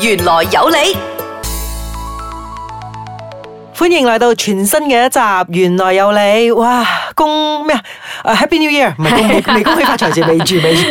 玄來有理，歡迎來到全新嘅一集《玄來有理》。哇！恭咩啊？Happy New Year！唔係恭，未恭喜發財先，未住未住。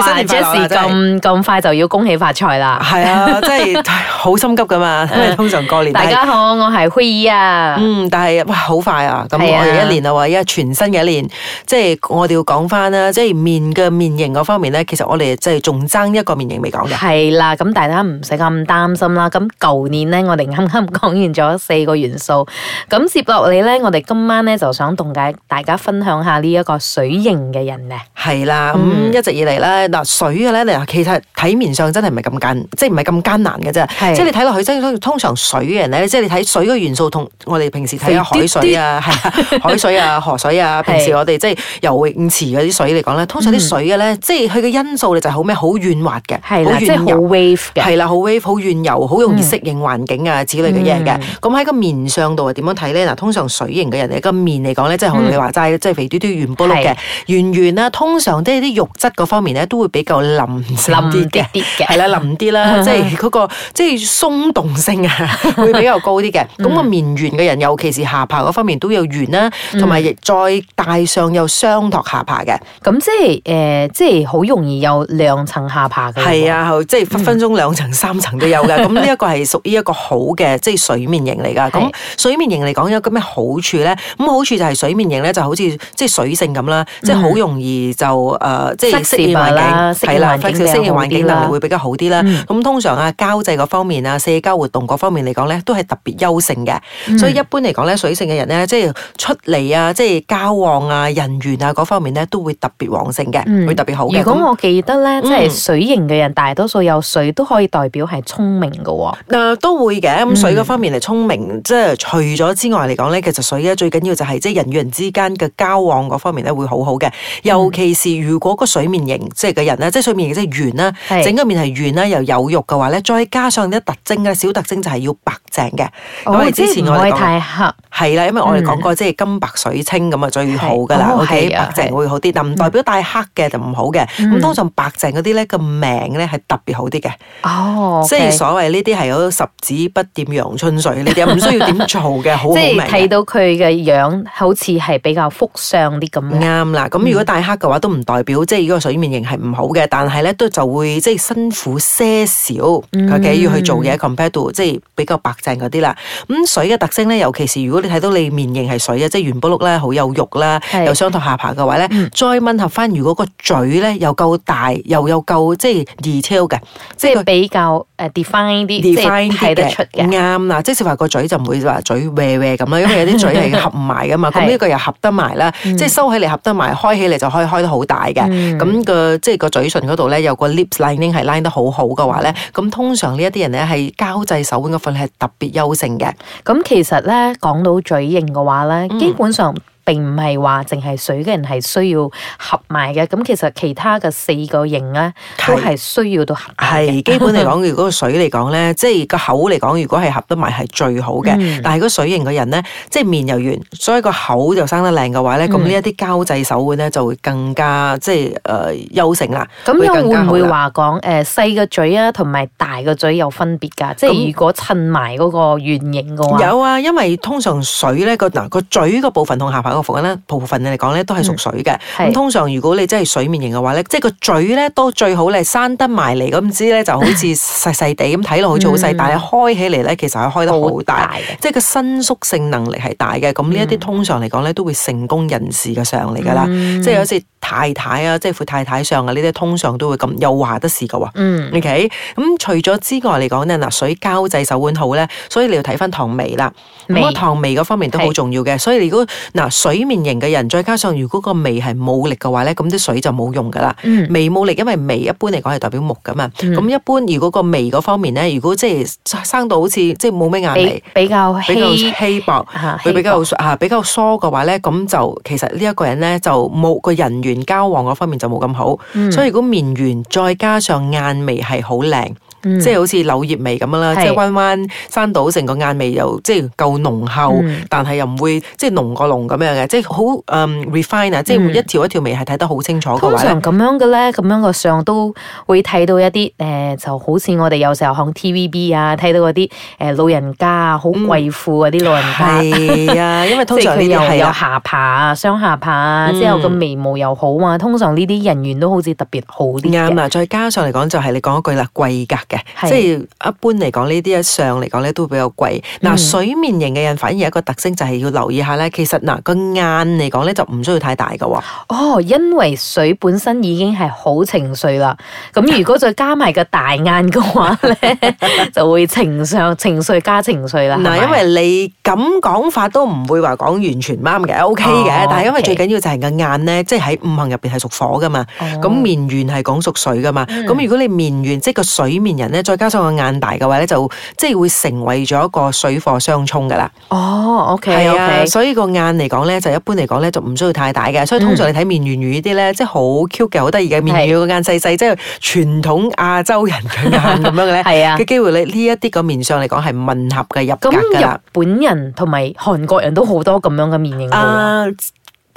哇！爵士咁咁快就要恭喜發財啦，係啊，真係好心急噶嘛。因為通常過年大家好，我係灰兒啊。嗯，但係哇，好快啊！咁我哋一年啊，話一全新嘅一年，即係我哋要講翻啦，即係面嘅面型嗰方面咧，其實我哋即係仲爭一個面型未講嘅。係啦，咁大家唔使咁擔心啦。咁舊年咧，我哋啱啱講完咗四個元素，咁接落嚟咧，我哋今晚咧，就想同介大家分享一下呢一個水型嘅人咧、嗯，係啦，咁一直以嚟咧嗱水嘅咧，其實睇面上真係唔係咁艱，即係唔係咁艱難嘅啫。即係你睇落去，真通常水嘅人咧，即、就、係、是、你睇水嘅元素同我哋平時睇嘅海水啊， 海水啊，河水啊， 平時我哋即係游泳池嗰啲水嚟講咧，通常啲水嘅咧、嗯，即係佢嘅因素咧就係好咩？好軟滑嘅，係即係好 wave 嘅，係啦，好 wave 好軟柔，好容易適應環境啊之類嘅嘢嘅。咁、嗯、喺、嗯、個面上度係點樣睇咧？嗱，通常水型嘅人咧咁。面嚟講咧，即係好似你話齋，嗯、即係肥嘟嘟圓波碌嘅圓圓啦。通常即係啲肉質嗰方面咧，都會比較腍腍啲嘅，係啦，腍啲啦。即係嗰個即係、就是、鬆動性啊，會比較高啲嘅。咁個面圓嘅人，尤其是下巴嗰方面都有圓啦，同埋亦再帶上又雙托下巴嘅。咁即係誒、呃，即係好容易有兩層下巴嘅。係啊，即、就、係、是、分分鐘兩層、嗯、三層都有嘅。咁呢一個係屬於一個好嘅，即、就、係、是、水面型嚟㗎。咁水面型嚟講有咁咩好處咧？咁。好處就係水面型咧，就好似即係水性咁啦，即係好容易就誒，即係適應環境，適應環境啦，適應環境能力會比較好啲啦。咁、嗯、通常啊，交際嗰方面啊，社交活動嗰方面嚟講咧，都係特別優勝嘅、嗯。所以一般嚟講咧，水性嘅人咧，即係出嚟啊，即係交往啊，人緣啊嗰方面咧，都會特別旺盛嘅、嗯，會特別好嘅。咁我記得咧、嗯，即係水型嘅人大多數有水都可以代表係聰明㗎喎、嗯。都會嘅咁水嗰方面嚟聰明，嗯、即係除咗之外嚟講咧，其實水咧最緊要就。係即係人與人之間嘅交往嗰方面咧，會很好好嘅。尤其是如果個水面形，即係嘅人咧，即、就、係、是、水面形，即係圓啦，整個面係圓啦，又有肉嘅話咧，再加上啲特徵咧，小特徵就係要白淨嘅。哦、我之前我講過太黑係啦，因為我哋講過即係、嗯、金白水清咁、okay？啊，最好噶啦，我哋白淨會好啲，但唔代表帶黑嘅就唔好嘅。咁通常白淨嗰啲咧，個命咧係特別好啲嘅。哦，okay、即係所謂呢啲係有十指不沾陽春水 你哋，唔需要點做嘅，好好命。即係睇到佢嘅樣。好似係比較複相啲咁。啱啦，咁如果大黑嘅話，嗯、都唔代表即係如果水面型係唔好嘅，但係咧都就會即係辛苦些少，佢、嗯、嘅要去做嘢，compare 即係比較白淨嗰啲啦。咁、嗯、水嘅特性咧，尤其是如果你睇到你面型係水啊，即係圓碌碌啦，好有肉啦，又雙頭下巴嘅話咧、嗯，再吻合翻，如果個嘴咧又夠大，又有夠即係 detail 嘅，即係比較誒 define 啲，即係睇得出啱啦，即係少話個嘴就唔會話嘴歪歪咁啦，因為有啲嘴係合埋。 埋噶嘛，咁、嗯、呢個又合得埋啦，即係收起嚟合得埋，開起嚟就可以開，開得好大嘅。咁、嗯那個即係個嘴唇嗰度咧，有個 lips lining 係 line 得好好嘅話咧，咁、嗯、通常呢一啲人咧係交際手腕嗰份係特別優勝嘅。咁其實咧講到嘴型嘅話咧，基本上、嗯。並唔係話淨係水嘅人係需要合埋嘅，咁其實其他嘅四個型咧都係需要到合的。係基本嚟講，如果個水嚟講咧，即係個口嚟講，如果係合得埋係最好嘅、嗯。但係如果水型嘅人咧，即係面又圓，所以個口就生得靚嘅話咧，咁呢一啲交際手腕咧就會更加即係誒優勝啦。咁、呃、又會唔會話講誒細個嘴啊，同埋大個嘴有分別噶？即係如果襯埋嗰個圓形嘅話，有啊，因為通常水咧個嗱個嘴個部分同下巴。服咧部分嚟講咧都係屬水嘅。咁、嗯、通常如果你真係水面型嘅話咧，即係個嘴咧都最好咧生得埋嚟，咁知咧就好似細細地咁睇落好似好細，但係開起嚟咧其實佢開得好大，很大的即係個伸縮性能力係大嘅。咁呢一啲通常嚟講咧都會成功人士嘅相嚟㗎啦，即係好似太太啊，即係富太太相啊，呢啲通常都會咁又話得事嘅喎、嗯。OK，咁、嗯嗯、除咗之外嚟講咧，嗱水膠質手腕好咧，所以你要睇翻糖味啦，咁啊糖味嗰方面都好重要嘅，所以如果嗱。呃水面型嘅人，再加上如果個眉係冇力嘅話咧，咁啲水就冇用噶啦、嗯。眉冇力，因為眉一般嚟講係代表木噶嘛。咁、嗯、一般如果個眉嗰方面咧，如果即係生到好似即係冇咩眼眉，比，比較稀比較稀薄，吓、啊，比較吓、啊、比較疏嘅話咧，咁就其實呢一個人咧就冇個人緣交往嗰方面就冇咁好、嗯。所以如果面緣再加上眼眉係好靚。嗯、即係好似柳葉眉咁樣啦，即係彎彎生到成個眼眉又即係夠濃厚，嗯、但係又唔會即係濃過濃咁樣嘅，即係好、um, refiner、嗯、即係一條一條眉係睇得好清楚話。通常咁樣嘅咧，咁樣嘅相都會睇到一啲、呃、就好似我哋有時候睇 TVB 啊，睇到嗰啲老人家啊，好貴婦嗰啲老人家。係啊、嗯、啊，因為通常佢 又有、啊、有下巴啊，雙下巴啊、嗯，之後個眉毛又好啊，通常呢啲人緣都好似特別好啲。啱啊，再加上嚟講就係、是、你講一句啦，貴格。是即係一般嚟講呢啲上嚟講咧都會比較貴。嗱、嗯，水面型嘅人反而有一個特性，就係要留意一下咧。其實嗱個眼嚟講咧就唔需要太大噶喎。哦，因為水本身已經係好情緒啦。咁如果再加埋個大眼嘅話咧， 就會情緒情緒加情緒啦。嗱、嗯，因為你咁講法都唔會話講完全啱嘅，O K 嘅。但係因為最緊要就係、哦 okay. 就係個眼咧，即係喺五行入邊係屬火噶嘛。咁面圓係講屬水噶嘛。咁、嗯、如果你面圓，即係個水面再加上個眼大嘅話咧，就即係會成為咗一個水火相衝噶啦。哦、oh，OK，係啊，okay. 所以個眼嚟講咧，就一般嚟講咧，就唔需要太大嘅。所以通常你睇面圓圓呢啲咧，即係好 Q 嘅，好得意嘅面圓圓個眼細細，即係傳統亞洲人嘅眼咁 樣嘅咧。係 啊，嘅機會咧，呢一啲個面相嚟講係吻合嘅入格噶啦。咁日本人同埋韓國人都好多咁樣嘅面型啊。Uh,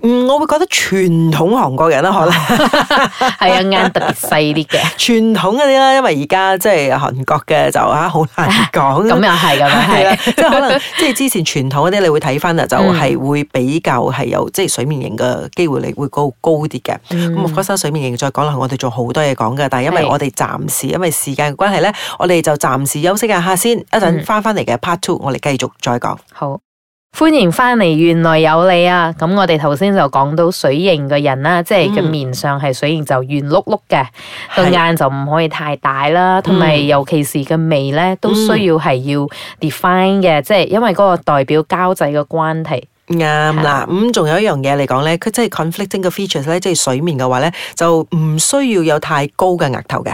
嗯，我會覺得傳統韓國人啦，可能係啊眼特別細啲嘅傳統嗰啲啦，因為而家即係韓國嘅就啊好難講。咁又係，咁又係，即係、啊、 可能即係之前傳統嗰啲你會睇翻啊，就係、是、會比較係有、嗯、即係水面型嘅機會率會高高啲嘅。咁我講翻水面型再講落去，我哋仲好多嘢講嘅，但係因為我哋暫時因為時間關係咧，我哋就暫時休息一下先，一陣翻翻嚟嘅 part two，我哋繼續再講。好。歡迎翻嚟，玄來有理啊！咁我哋頭先就講到水型嘅人啦，嗯，即係嘅面上係水型就圓碌碌嘅，個眼就唔可以太大啦，同、嗯、埋尤其是嘅眉咧都需要係要 define 嘅，嗯，即係因為嗰個代表交際嘅關係。啱啦，咁仲、嗯、有一樣嘢嚟講咧，佢即係 conflicting 嘅 features 咧，即係水面嘅話咧就唔需要有太高嘅額頭嘅。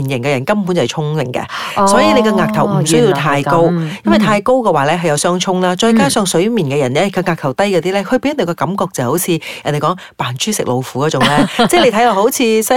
面型嘅人根本就係聰明嘅，oh, 所以你個額頭唔需要太高，因為太高嘅話咧係有相沖啦。Mm. 再加上水面嘅人咧，佢額頭低嗰啲咧，佢、mm. 俾人哋個感覺就好似人哋講扮豬食老虎嗰種咧， 即係你睇落好似傻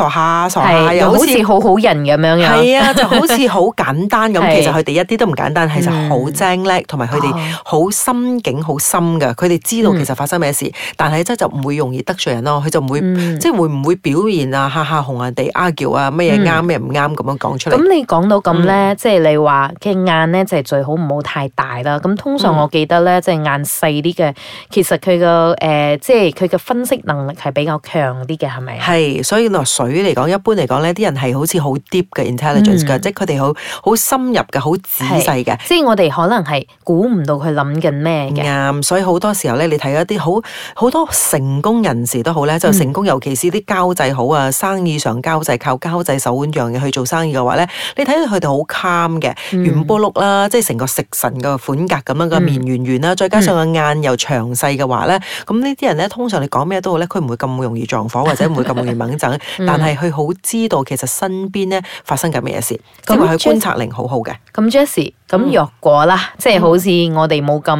傻下傻下，又好似好，好好人咁樣嘅。係 啊，就好似好簡單咁， 其實佢哋一啲都唔簡單，其實好精叻，同埋佢哋好心境好深嘅。佢哋知道其實發生咩事，mm. 但係真就唔會容易得罪人咯。佢就唔會、mm. 即係會唔會表現啊吓吓紅人哋 啊，叫啊乜嘢？Mm. 啱咩唔啱咁樣講出嚟。咁你講到咁咧、嗯，即係你話嘅眼咧，就係最好唔好太大啦。咁通常我記得咧，即、嗯、係眼細啲嘅，其實佢個、呃、即係佢嘅分析能力係比較強啲嘅，係咪？係，所以落水嚟講，一般嚟講呢啲人係好似好 deep 嘅 intelligence 嘅、嗯，即係佢哋好好深入嘅，好仔細嘅。即係我哋可能係估唔到佢諗緊咩嘅。啱，所以好、嗯、多時候咧，你睇一啲好好多成功人士都好咧，就是、成功、嗯，尤其是啲交際好啊，生意上交際靠交際受款樣嘅去做生意嘅話，咧，你睇到佢哋好 calm 嘅圓布碌啦，即係成個食神嘅款格咁樣嘅面圓圓啦，再加上個眼又詳細嘅話咧，咁呢啲人咧，通常你講咩都好咧，佢唔會咁容易撞火，或者唔會咁容易掹疹、嗯，但係佢好知道其實身邊咧發生緊咩嘢事，咁佢觀察力好好嘅。咁 Jesse。咁、嗯、若果啦，即係好似我哋冇咁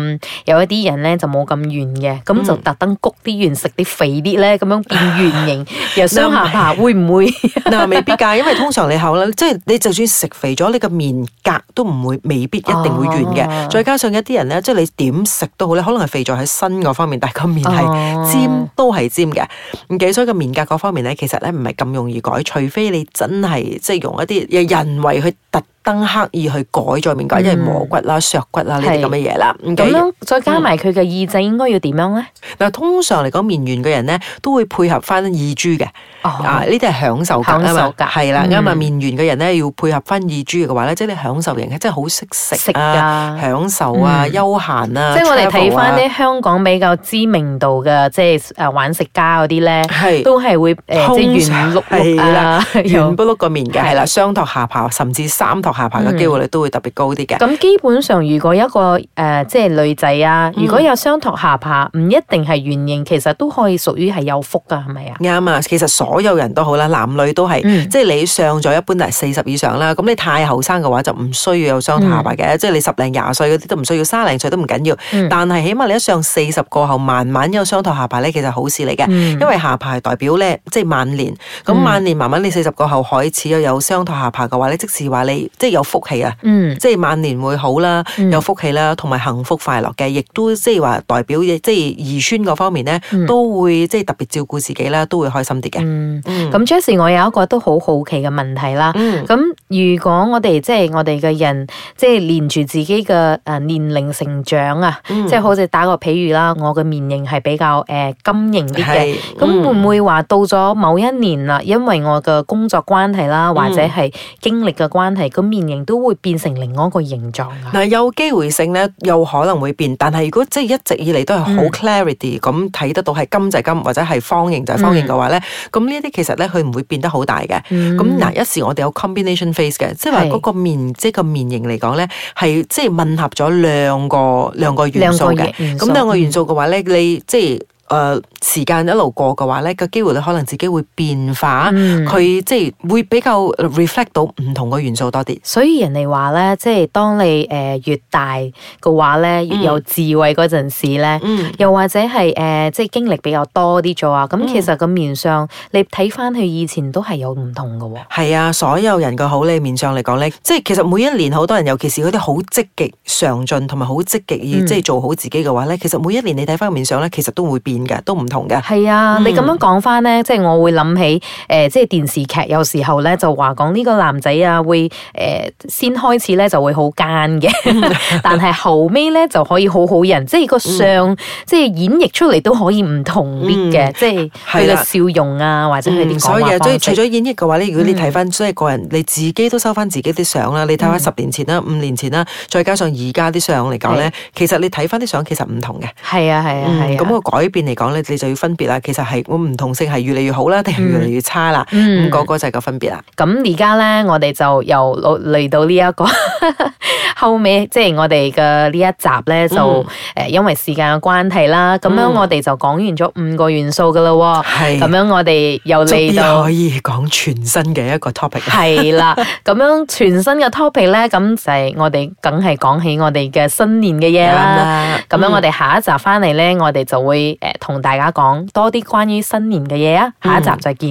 有一啲人咧、嗯，就冇咁圓嘅，咁就特登谷啲圓食啲肥啲咧，咁樣變圓形又雙下巴，會唔會？嗱， 未必㗎，因為通常你口咧，就是、即係你就算食肥咗，你個面夾都唔會，未必一定會圓嘅、啊。再加上一啲人咧，即、就、係、是、你點食都好咧，可能係肥咗喺身嗰方面，但係個面係尖，、啊、尖都係尖嘅。咁所以個面夾嗰方面咧，其實咧唔係咁容易改，除非你真係即係用一啲有人為去突。登刻意去改咗面改，因為磨骨啦、削骨啦呢啲咁嘅嘢啦。咁咯，再加埋佢嘅耳仔，應該要點樣咧？嗱、嗯，通常嚟講，面圓嘅人咧都會配合翻耳珠嘅。啊，呢啲係享受格啊嘛，係啦。啱啊，嗯、面圓嘅人咧要配合翻耳珠嘅話咧，即係你享受型，即係好識食啊、享受啊、嗯、休閒啊。即係我哋睇翻啲香港比較知名度嘅，即係啊玩食家嗰啲咧，都係會誒即係圓碌碌啊，圓碌碌個面嘅，係啦，雙托下爬，甚至三托。下巴嘅機會率、嗯、都會特別高啲嘅。咁基本上，如果一個、呃、即係女仔啊，如果有雙托下巴，唔、嗯、一定係圓形，其實都可以屬於係有福噶，係咪啊？啱啊，其實所有人都好啦，男女都係，嗯、即係你上咗一般都係四十以上啦。咁你太後生嘅話就唔需要有雙托下巴嘅，嗯、即係你十零廿歲嗰啲都唔需要，三零歲都唔緊要。嗯、但係起碼你一上四十過後，慢慢有雙托下巴咧，其實好事嚟嘅，嗯、因為下巴係代表咧，即係晚年。咁晚年慢慢你四十過後開始有有雙托下巴嘅話咧，嗯、即使話你。即係有福氣啊！嗯、即係晚年會好啦、啊嗯，有福氣啦、啊，同埋幸福快樂嘅，亦都即係話代表嘅，即係兒孫嗰方面咧、嗯，都會即係特別照顧自己啦、啊，都會開心啲嘅。咁、嗯嗯、Jesse，我有一個都好好奇嘅問題啦。咁、嗯、如果我哋即係我哋嘅人，即、就、係、是、連住自己嘅誒年齡成長啊，嗯、即係好似打個譬如啦，我嘅面型係比較誒、呃、金型啲嘅，咁、嗯、會唔會話到咗某一年啦，因為我嘅工作關係啦，嗯、或者係經歷嘅關係咁？面型都會變成另外一個形狀嗱，有機會性咧，有可能會變。但係如果即係一直以嚟都係好 clarity 咁、嗯、睇得到係金就係金，或者係方形就係方形嘅話咧，咁呢一啲其實咧佢唔會變得好大嘅。咁、嗯、嗱，一時我哋有 combination face 嘅，即係話嗰個面，係面即係個面型嚟講咧，係即係混合咗兩個兩個元素嘅。咁兩個，個元素嘅話咧、嗯，你即係。誒、呃、時間一路過嘅話咧，個機會可能自己會變化，佢即係會比較 reflect 到唔同嘅元素多啲。所以人哋話咧，即係當你越大嘅話咧、嗯，越有智慧嗰陣時咧、嗯，又或者係誒、呃、即係經歷比較多啲咗啊。咁其實個面相、嗯、你睇翻佢以前都係有唔同嘅喎。係啊，所有人嘅好咧，面相嚟講咧，即係其實每一年好多人，尤其是嗰啲好積極上進同埋好積極要即係做好自己嘅話咧、嗯，其實每一年你睇翻個面相咧，其實都會變。都唔同嘅，係啊！你咁樣講翻咧，即係我會諗起誒，即係電視劇有時候咧就話講呢個男仔啊，會、呃、誒先開始咧就會好奸嘅、嗯，但係後尾咧就可以好好人，嗯、即係個相即係演繹出嚟都可以唔同啲嘅、嗯，即係佢嘅笑容啊，嗯、或者佢點樣。所以所以除咗演繹嘅話咧，如果你睇翻，即、嗯、係個人你自己都收翻自己啲相啦，你睇翻十年前啦、五年前啦，再加上而家啲相嚟講咧，其實你睇翻啲相其實唔同嘅，係啊，係啊，係啊，咁、啊啊啊那個改變。嚟講咧，你就要分別啦。其實係我唔同性係越嚟越好啦，定係越嚟越差啦。咁、嗯、個、嗰個就係個分別啦。咁而家咧，我哋就又嚟到呢一個 後尾，即係我哋嘅呢一集咧，就、嗯、誒，因為時間嘅關係啦，咁、嗯、樣我哋就講完咗五個元素噶啦。係咁樣我，我哋又嚟到可以講全新嘅一個 topic。係啦，咁樣全新嘅 topic 咧，咁就係我哋梗係講起我哋嘅新年嘅嘢啦。咁樣我哋下一集翻嚟咧，我哋就會誒。同大家講多啲關於新年嘅嘢啊，下一集再見。嗯